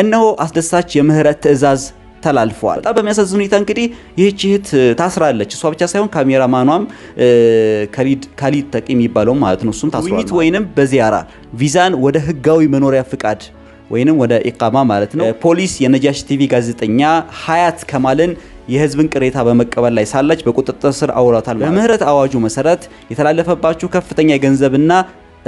እነሆ አስደሳች የምህረት ትዕዛዝ ተላልፈዋል። በጣም በሚያሳዝን ሁኔታ እንግዲህ ይህች እህት ታስራለች። እሷ ብቻ ሳይሆን ካሜራማኗም ከሊድ ካሊድ ተቂ የሚባለው ማለት ነው እሱም ታስሯል። ወይንም በዚያራ ቪዛን ወደ ህጋዊ መኖሪያ ፍቃድ ወይንም ወደ ኢቃማ ማለት ነው። ፖሊስ የነጃሽ ቲቪ ጋዜጠኛ ሀያት ከማልን የህዝብን ቅሬታ በመቀበል ላይ ሳለች በቁጥጥር ስር አውሏታል። በምህረት አዋጁ መሰረት የተላለፈባችሁ ከፍተኛ የገንዘብና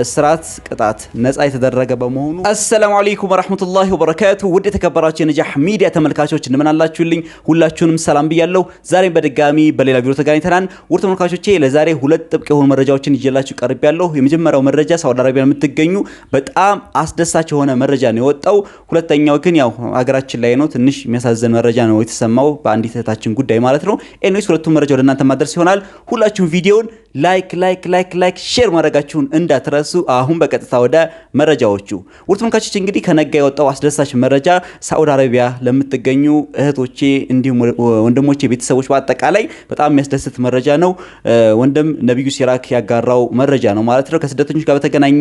እስራት ቅጣት ነጻ የተደረገ በመሆኑ አሰላሙ አለይኩም ወራህመቱላሂ ወበረካቱ። ውድ የተከበራችሁ የነጃህ ሚዲያ ተመልካቾች እንደምን አላችሁልኝ? ሁላችሁንም ሰላም ብያለሁ። ዛሬም በድጋሚ በሌላ ቪዲዮ ተገናኝተናል። ውድ ተመልካቾቼ ለዛሬ ሁለት ጥብቅ የሆኑ መረጃዎችን ይዤላችሁ ቀርብ የመጀመሪያው መረጃ ሳውዲ አረቢያ የምትገኙ በጣም አስደሳች የሆነ መረጃ ነው የወጣው። ሁለተኛው ግን ያው ሀገራችን ላይ ነው ትንሽ የሚያሳዝን መረጃ ነው የተሰማው በአንዲት እህታችን ጉዳይ ማለት ነው። ኤኒዌይስ ሁለቱም መረጃ ወደ እናንተ ማድረስ ይሆናል። ሁላችሁም ቪዲዮውን ላይክ ላይክ ላይክ ላይክ ሼር ማድረጋችሁን እንዳትረሱ። አሁን በቀጥታ ወደ መረጃዎቹ ውድ ተመልካቾች፣ እንግዲህ ከነጋ የወጣው አስደሳች መረጃ ሳዑዲ አረቢያ ለምትገኙ እህቶቼ እንዲሁም ወንድሞቼ ቤተሰቦች በአጠቃላይ በጣም የሚያስደስት መረጃ ነው። ወንድም ነቢዩ ሲራክ ያጋራው መረጃ ነው ማለት ነው። ከስደተኞች ጋር በተገናኘ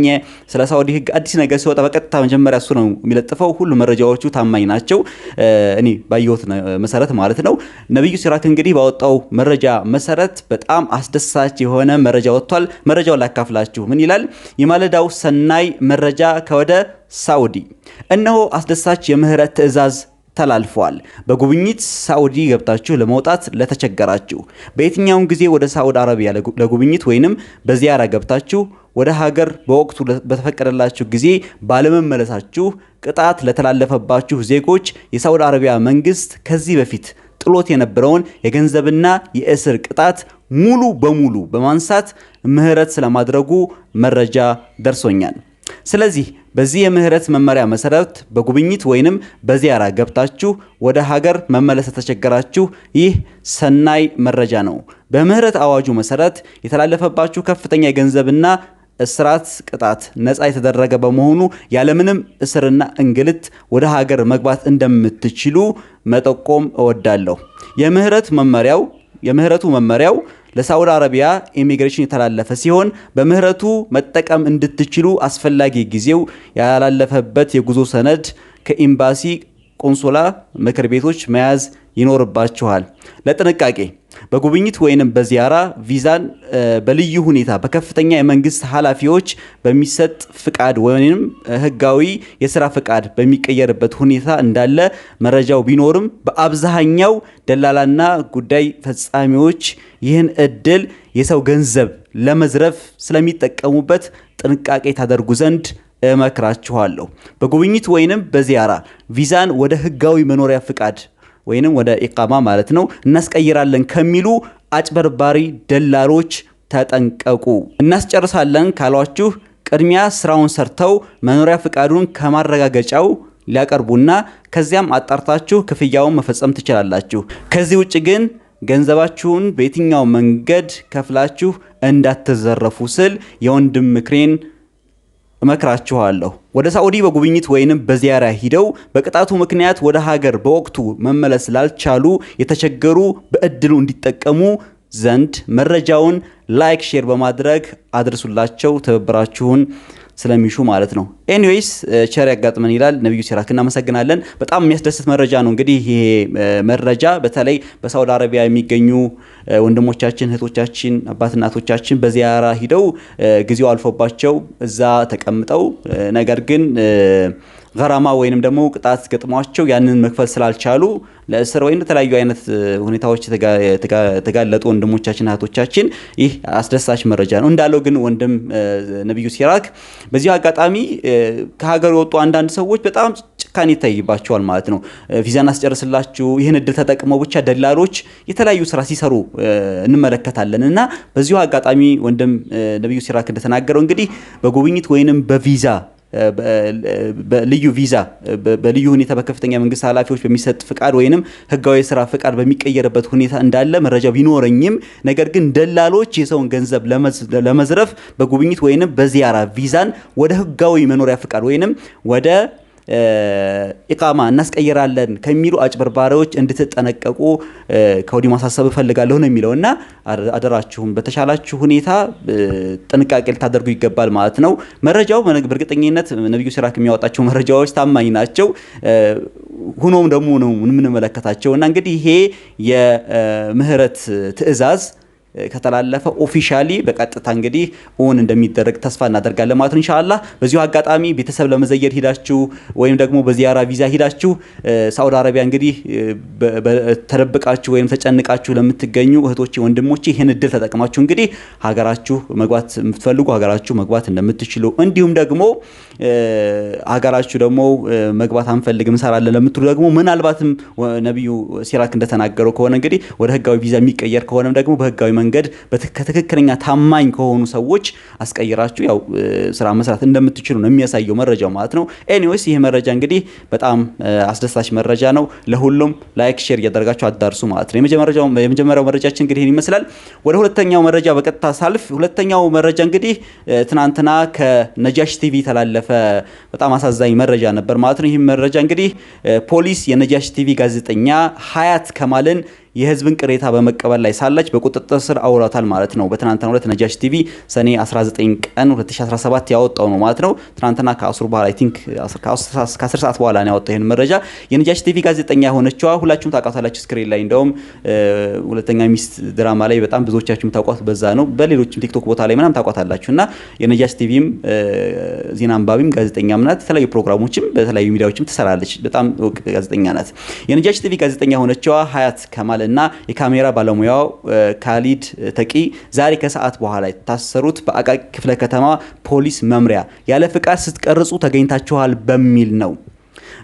ስለ ሳዑዲ ህግ አዲስ ነገር ሲወጣ በቀጥታ መጀመሪያ እሱ ነው የሚለጥፈው። ሁሉ መረጃዎቹ ታማኝ ናቸው፣ እኔ ባየሁት መሰረት ማለት ነው። ነቢዩ ሲራክ እንግዲህ ባወጣው መረጃ መሰረት በጣም አስደሳች የሆነ የሆነ መረጃ ወጥቷል። መረጃው ላካፍላችሁ። ምን ይላል? የማለዳው ሰናይ መረጃ ከወደ ሳውዲ። እነሆ አስደሳች የምህረት ትዕዛዝ ተላልፈዋል። በጉብኝት ሳውዲ ገብታችሁ ለመውጣት ለተቸገራችሁ በየትኛውም ጊዜ ወደ ሳውዲ አረቢያ ለጉብኝት ወይንም በዚያራ ገብታችሁ ወደ ሀገር በወቅቱ በተፈቀደላችሁ ጊዜ ባለመመለሳችሁ ቅጣት ለተላለፈባችሁ ዜጎች የሳውዲ አረቢያ መንግስት ከዚህ በፊት ጥሎት የነበረውን የገንዘብና የእስር ቅጣት ሙሉ በሙሉ በማንሳት ምህረት ስለማድረጉ መረጃ ደርሶኛል። ስለዚህ በዚህ የምህረት መመሪያ መሰረት በጉብኝት ወይንም በዚያራ ገብታችሁ ወደ ሀገር መመለስ ተቸገራችሁ፣ ይህ ሰናይ መረጃ ነው። በምህረት አዋጁ መሰረት የተላለፈባችሁ ከፍተኛ የገንዘብና እስራት ቅጣት ነፃ የተደረገ በመሆኑ ያለምንም እስርና እንግልት ወደ ሀገር መግባት እንደምትችሉ መጠቆም እወዳለሁ። የምህረቱ መመሪያው የምህረቱ መመሪያው ለሳውዲ አረቢያ ኢሚግሬሽን የተላለፈ ሲሆን በምህረቱ መጠቀም እንድትችሉ አስፈላጊ ጊዜው ያላለፈበት የጉዞ ሰነድ ከኤምባሲ፣ ቆንሶላ ምክር ቤቶች መያዝ ይኖርባችኋል። ለጥንቃቄ በጉብኝት ወይንም በዚያራ ቪዛን በልዩ ሁኔታ በከፍተኛ የመንግስት ኃላፊዎች በሚሰጥ ፍቃድ ወይም ህጋዊ የስራ ፍቃድ በሚቀየርበት ሁኔታ እንዳለ መረጃው ቢኖርም በአብዛኛው ደላላና ጉዳይ ፈጻሚዎች ይህን እድል የሰው ገንዘብ ለመዝረፍ ስለሚጠቀሙበት ጥንቃቄ ታደርጉ ዘንድ እመክራችኋለሁ። በጉብኝት ወይንም በዚያራ ቪዛን ወደ ህጋዊ መኖሪያ ፍቃድ ወይንም ወደ ኢቃማ ማለት ነው እናስቀይራለን ከሚሉ አጭበርባሪ ደላሎች ተጠንቀቁ። እናስጨርሳለን ካሏችሁ ቅድሚያ ስራውን ሰርተው መኖሪያ ፍቃዱን ከማረጋገጫው ሊያቀርቡና ከዚያም አጣርታችሁ ክፍያውን መፈጸም ትችላላችሁ። ከዚህ ውጭ ግን ገንዘባችሁን በየትኛው መንገድ ከፍላችሁ እንዳትዘረፉ ስል የወንድም ምክሬን እመክራችኋለሁ። ወደ ሳውዲ በጉብኝት ወይንም በዚያራ ሂደው በቅጣቱ ምክንያት ወደ ሀገር በወቅቱ መመለስ ላልቻሉ የተቸገሩ በእድሉ እንዲጠቀሙ ዘንድ መረጃውን ላይክ፣ ሼር በማድረግ አድርሱላቸው። ትብብራችሁን ስለሚሹ ማለት ነው። ኤኒዌይስ ቸር ያጋጥመን ይላል ነቢዩ ሲራክ። እናመሰግናለን። በጣም የሚያስደስት መረጃ ነው። እንግዲህ ይሄ መረጃ በተለይ በሳውዲ አረቢያ የሚገኙ ወንድሞቻችን፣ እህቶቻችን፣ አባት እናቶቻችን በዚያራ ሂደው ጊዜው አልፎባቸው እዛ ተቀምጠው ነገር ግን ገራማ ወይንም ደግሞ ቅጣት ገጥሟቸው ያንን መክፈል ስላልቻሉ ለእስር ወይም ለተለያዩ አይነት ሁኔታዎች የተጋለጡ ወንድሞቻችን እህቶቻችን ይህ አስደሳች መረጃ ነው። እንዳለው ግን ወንድም ነቢዩ ሲራክ በዚህ አጋጣሚ ከሀገር የወጡ አንዳንድ ሰዎች በጣም ጭካኔ ይታይባቸዋል ማለት ነው። ቪዛን አስጨርስላችሁ ይህን እድል ተጠቅመው ብቻ ደላሎች የተለያዩ ስራ ሲሰሩ እንመለከታለን እና በዚሁ አጋጣሚ ወንድም ነቢዩ ሲራክ እንደተናገረው እንግዲህ በጉብኝት ወይንም በቪዛ በልዩ ቪዛ በልዩ ሁኔታ በከፍተኛ መንግስት ኃላፊዎች በሚሰጥ ፍቃድ ወይንም ህጋዊ የስራ ፍቃድ በሚቀየርበት ሁኔታ እንዳለ መረጃ ቢኖረኝም፣ ነገር ግን ደላሎች የሰውን ገንዘብ ለመዝረፍ በጉብኝት ወይንም በዚያራ ቪዛን ወደ ህጋዊ መኖሪያ ፍቃድ ወይንም ወደ ኢቃማ እናስቀይራለን ከሚሉ አጭበርባሪዎች እንድትጠነቀቁ ከወዲሁ ማሳሰብ እፈልጋለሁ ነው የሚለው እና አደራችሁም በተሻላችሁ ሁኔታ ጥንቃቄ ልታደርጉ ይገባል ማለት ነው። መረጃው በእርግጠኝነት ነቢዩ ሲራክ የሚያወጣቸው መረጃዎች ታማኝ ናቸው። ሁኖም ደግሞ ነው የምንመለከታቸው እና እንግዲህ ይሄ የምህረት ትዕዛዝ ከተላለፈ ኦፊሻሊ በቀጥታ እንግዲህ ኦን እንደሚደረግ ተስፋ እናደርጋለን ማለት ነው። ኢንሻአላ በዚሁ አጋጣሚ ቤተሰብ ለመዘየድ ሂዳችሁ ወይም ደግሞ በዚያራ ቪዛ ሂዳችሁ ሳውዲ አረቢያ እንግዲህ ተደብቃችሁ ወይም ተጨንቃችሁ ለምትገኙ እህቶቼ ወንድሞቼ ይህን እድል ተጠቅማችሁ እንግዲህ ሀገራችሁ መግባት የምትፈልጉ ሀገራችሁ መግባት እንደምትችሉ እንዲሁም ደግሞ ሀገራችሁ ደግሞ መግባት አንፈልግም እንሰራለን ለምትሉ ደግሞ ምናልባትም ነቢዩ ሲራክ እንደተናገረው ከሆነ እንግዲህ ወደ ህጋዊ ቪዛ የሚቀየር ከሆነም ደግሞ በህጋዊ መንገድ ከትክክለኛ ታማኝ ከሆኑ ሰዎች አስቀይራችሁ ያው ስራ መስራት እንደምትችሉ ነው የሚያሳየው መረጃው ማለት ነው። ኤኒዌይስ ይህ መረጃ እንግዲህ በጣም አስደሳች መረጃ ነው። ለሁሉም ላይክ፣ ሼር እያደረጋችሁ አዳርሱ ማለት ነው። የመጀመሪያው መረጃችን እንግዲህ ይመስላል። ወደ ሁለተኛው መረጃ በቀጥታ ሳልፍ ሁለተኛው መረጃ እንግዲህ ትናንትና ከነጃሽ ቲቪ የተላለፈ በጣም አሳዛኝ መረጃ ነበር ማለት ነው። ይህም መረጃ እንግዲህ ፖሊስ የነጃሽ ቲቪ ጋዜጠኛ ሀያት ከማልን የህዝብን ቅሬታ በመቀበል ላይ ሳለች በቁጥጥር ስር አውሏታል ማለት ነው። በትናንትና ሁለት ነጃሽ ቲቪ ሰኔ 19 ቀን 2017 ያወጣው ነው ማለት ነው። ትናንትና ከአስሩ በኋላ አይ ቲንክ ከአስር ሰዓት በኋላ ነው ያወጣው ይህን መረጃ። የነጃሽ ቲቪ ጋዜጠኛ የሆነችዋ ሁላችሁም ታውቃታላችሁ ስክሪን ላይ እንደውም ሁለተኛ ሚስት ድራማ ላይ በጣም ብዙዎቻችሁም ታውቋት በዛ ነው። በሌሎችም ቲክቶክ ቦታ ላይ ምናም ታውቋታላችሁ እና የነጃሽ ቲቪም ዜና አንባቢም ጋዜጠኛም ናት። የተለያዩ ፕሮግራሞችም በተለያዩ ሚዲያዎችም ትሰራለች። በጣም ጋዜጠኛ ናት። የነጃሽ ቲቪ ጋዜጠኛ የሆነችዋ ሀያት ከማለ እና የካሜራ ባለሙያው ካሊድ ተቂ ዛሬ ከሰዓት በኋላ የታሰሩት በአቃቂ ክፍለ ከተማ ፖሊስ መምሪያ ያለ ፍቃድ ስትቀርጹ ተገኝታችኋል በሚል ነው።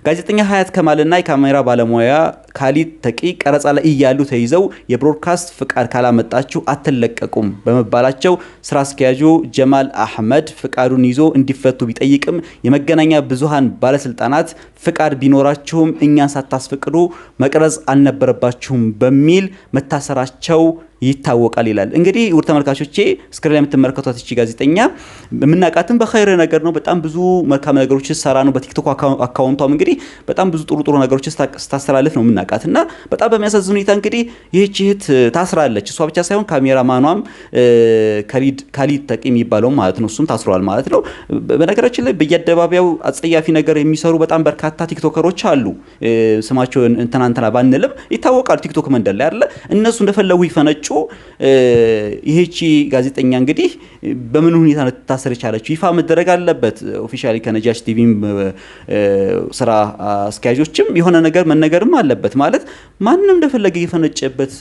ጋዜጠኛ ሀያት ከማልና የካሜራ ባለሙያ ካሊድ ተቂ ቀረጻ ላይ እያሉ ተይዘው የብሮድካስት ፍቃድ ካላመጣችሁ አትለቀቁም በመባላቸው ስራ አስኪያጁ ጀማል አህመድ ፍቃዱን ይዞ እንዲፈቱ ቢጠይቅም የመገናኛ ብዙሃን ባለስልጣናት ፍቃድ ቢኖራችሁም እኛን ሳታስፈቅዱ መቅረጽ አልነበረባችሁም በሚል መታሰራቸው ይታወቃል ይላል። እንግዲህ ውድ ተመልካቾቼ እስክሪን ላይ የምትመለከቷት እቺ ጋዜጠኛ የምናውቃትም በኸይር ነገር ነው። በጣም ብዙ መልካም ነገሮች ስትሰራ ነው። በቲክቶክ አካውንቷም እንግዲህ በጣም ብዙ ጥሩ ጥሩ ነገሮች ስታስተላልፍ ነው የምናውቃት እና በጣም በሚያሳዝን ሁኔታ እንግዲህ ይህች እህት ታስራለች። እሷ ብቻ ሳይሆን ካሜራ ማኗም ካሊድ ተቂ የሚባለው ማለት ነው እሱም ታስሯል ማለት ነው። በነገራችን ላይ በየአደባቢያው አጸያፊ ነገር የሚሰሩ በጣም በርካታ ቲክቶከሮች አሉ። ስማቸው እንትናንትና ባንልም ይታወቃል ቲክቶክ መንደር ላይ አለ እነሱ እንደፈለጉ ይፈነጩ ይህቺ ጋዜጠኛ እንግዲህ በምን ሁኔታ ነው ትታሰር የቻለችው? ይፋ መደረግ አለበት። ኦፊሻሊ ከነጃች ቲቪም ስራ አስኪያጆችም የሆነ ነገር መነገርም አለበት። ማለት ማንም እንደፈለገ የፈነጨበት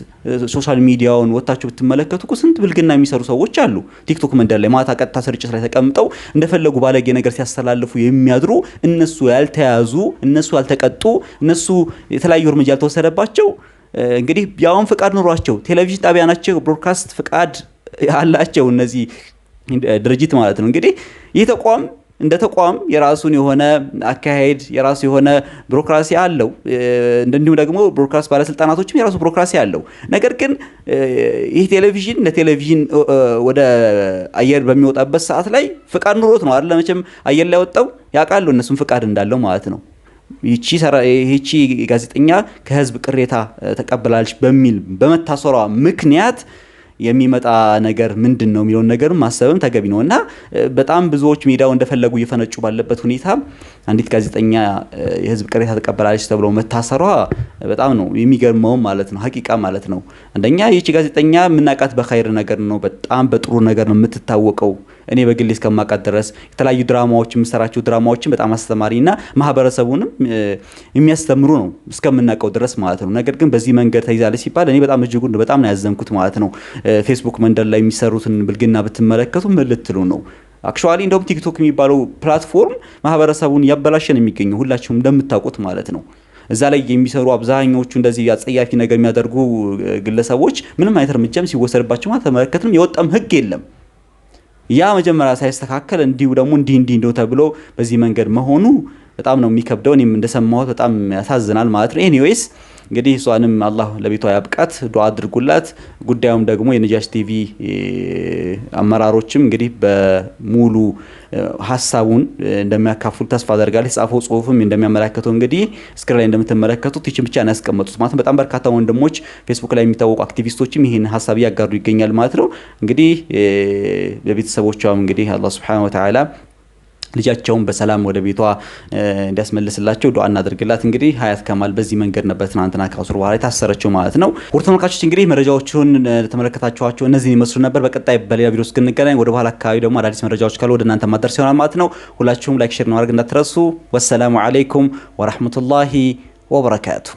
ሶሻል ሚዲያውን ወታችሁ ብትመለከቱ እኮ ስንት ብልግና የሚሰሩ ሰዎች አሉ። ቲክቶክ መንደር ላይ ማታ ቀጥታ ስርጭት ላይ ተቀምጠው እንደፈለጉ ባለጌ ነገር ሲያስተላልፉ የሚያድሩ እነሱ ያልተያዙ፣ እነሱ ያልተቀጡ፣ እነሱ የተለያዩ እርምጃ ያልተወሰደባቸው እንግዲህ ያውን ፍቃድ ኑሯቸው ቴሌቪዥን ጣቢያ ናቸው፣ ብሮድካስት ፍቃድ አላቸው እነዚህ ድርጅት ማለት ነው። እንግዲህ ይህ ተቋም እንደ ተቋም የራሱን የሆነ አካሄድ የራሱ የሆነ ቢሮክራሲ አለው። እንዲሁም ደግሞ ብሮድካስት ባለስልጣናቶችም የራሱ ቢሮክራሲ አለው። ነገር ግን ይህ ቴሌቪዥን ለቴሌቪዥን ወደ አየር በሚወጣበት ሰዓት ላይ ፍቃድ ኑሮት ነው አይደል? መቼም አየር ላይ ወጣው ያውቃሉ እነሱም ፍቃድ እንዳለው ማለት ነው። ይቺ ጋዜጠኛ ከህዝብ ቅሬታ ተቀብላለች በሚል በመታሰሯ ምክንያት የሚመጣ ነገር ምንድን ነው የሚለውን ነገርም ማሰብም ተገቢ ነው እና በጣም ብዙዎች ሜዳው እንደፈለጉ እየፈነጩ ባለበት ሁኔታ አንዲት ጋዜጠኛ የህዝብ ቅሬታ ተቀበላለች ተብሎ መታሰሯ በጣም ነው የሚገርመው ማለት ነው ሀቂቃ ማለት ነው። አንደኛ ይቺ ጋዜጠኛ የምናውቃት በኸይር ነገር ነው፣ በጣም በጥሩ ነገር ነው የምትታወቀው። እኔ በግሌ እስከማውቃት ድረስ የተለያዩ ድራማዎች የምሰራቸው ድራማዎችን በጣም አስተማሪና ማህበረሰቡንም የሚያስተምሩ ነው እስከምናውቀው ድረስ ማለት ነው። ነገር ግን በዚህ መንገድ ተይዛለች ሲባል እኔ በጣም እጅጉን በጣም ነው ያዘንኩት ማለት ነው። ፌስቡክ መንደር ላይ የሚሰሩትን ብልግና ብትመለከቱ ምን ልትሉ ነው? አክቹዋሊ እንደውም ቲክቶክ የሚባለው ፕላትፎርም ማህበረሰቡን እያበላሸ የሚገኘው፣ ሁላችሁም እንደምታውቁት ማለት ነው። እዛ ላይ የሚሰሩ አብዛኛዎቹ እንደዚህ አጸያፊ ነገር የሚያደርጉ ግለሰቦች ምንም አይነት እርምጃም ሲወሰድባቸው ተመለከትንም፣ የወጣም ህግ የለም። ያ መጀመሪያ ሳይስተካከል እንዲሁ ደግሞ እንዲህ እንዲህ እንደው ተብሎ በዚህ መንገድ መሆኑ በጣም ነው የሚከብደው። እኔም እንደሰማሁት በጣም ያሳዝናል ማለት ነው። ኤኒዌይስ እንግዲህ እሷንም አላህ ለቤቷ ያብቃት፣ ዱዓ አድርጉላት። ጉዳዩም ደግሞ የነጃሽ ቲቪ አመራሮችም እንግዲህ በሙሉ ሀሳቡን እንደሚያካፍሉ ተስፋ አደርጋለሁ። የጻፈው ጽሁፍም እንደሚያመላከተው እንግዲህ እስክሪን ላይ እንደምትመለከቱት ይችን ብቻ ነው ያስቀመጡት ማለት በጣም በርካታ ወንድሞች ፌስቡክ ላይ የሚታወቁ አክቲቪስቶችም ይህን ሀሳብ እያጋሩ ይገኛል ማለት ነው። እንግዲህ በቤተሰቦቿም እንግዲህ አላህ ስብሐነሁ ወተዓላ ልጃቸውን በሰላም ወደ ቤቷ እንዲያስመልስላቸው ዱዓ እናደርግላት። እንግዲህ ሀያት ከማል በዚህ መንገድ ነበር ትናንትና ከአሱር በኋላ የታሰረችው ማለት ነው። ውድ ተመልካቾች እንግዲህ መረጃዎችን ተመለከታችኋቸው፣ እነዚህን ይመስሉ ነበር። በቀጣይ በሌላ ቪዲዮ እስክንገናኝ ወደ በኋላ አካባቢ ደግሞ አዳዲስ መረጃዎች ካሉ ወደ እናንተ ማድረስ ይሆናል ማለት ነው። ሁላችሁም ላይክ፣ ሼር ማድረግ እንዳትረሱ። ወሰላሙ አለይኩም ወራህመቱላሂ ወበረካቱ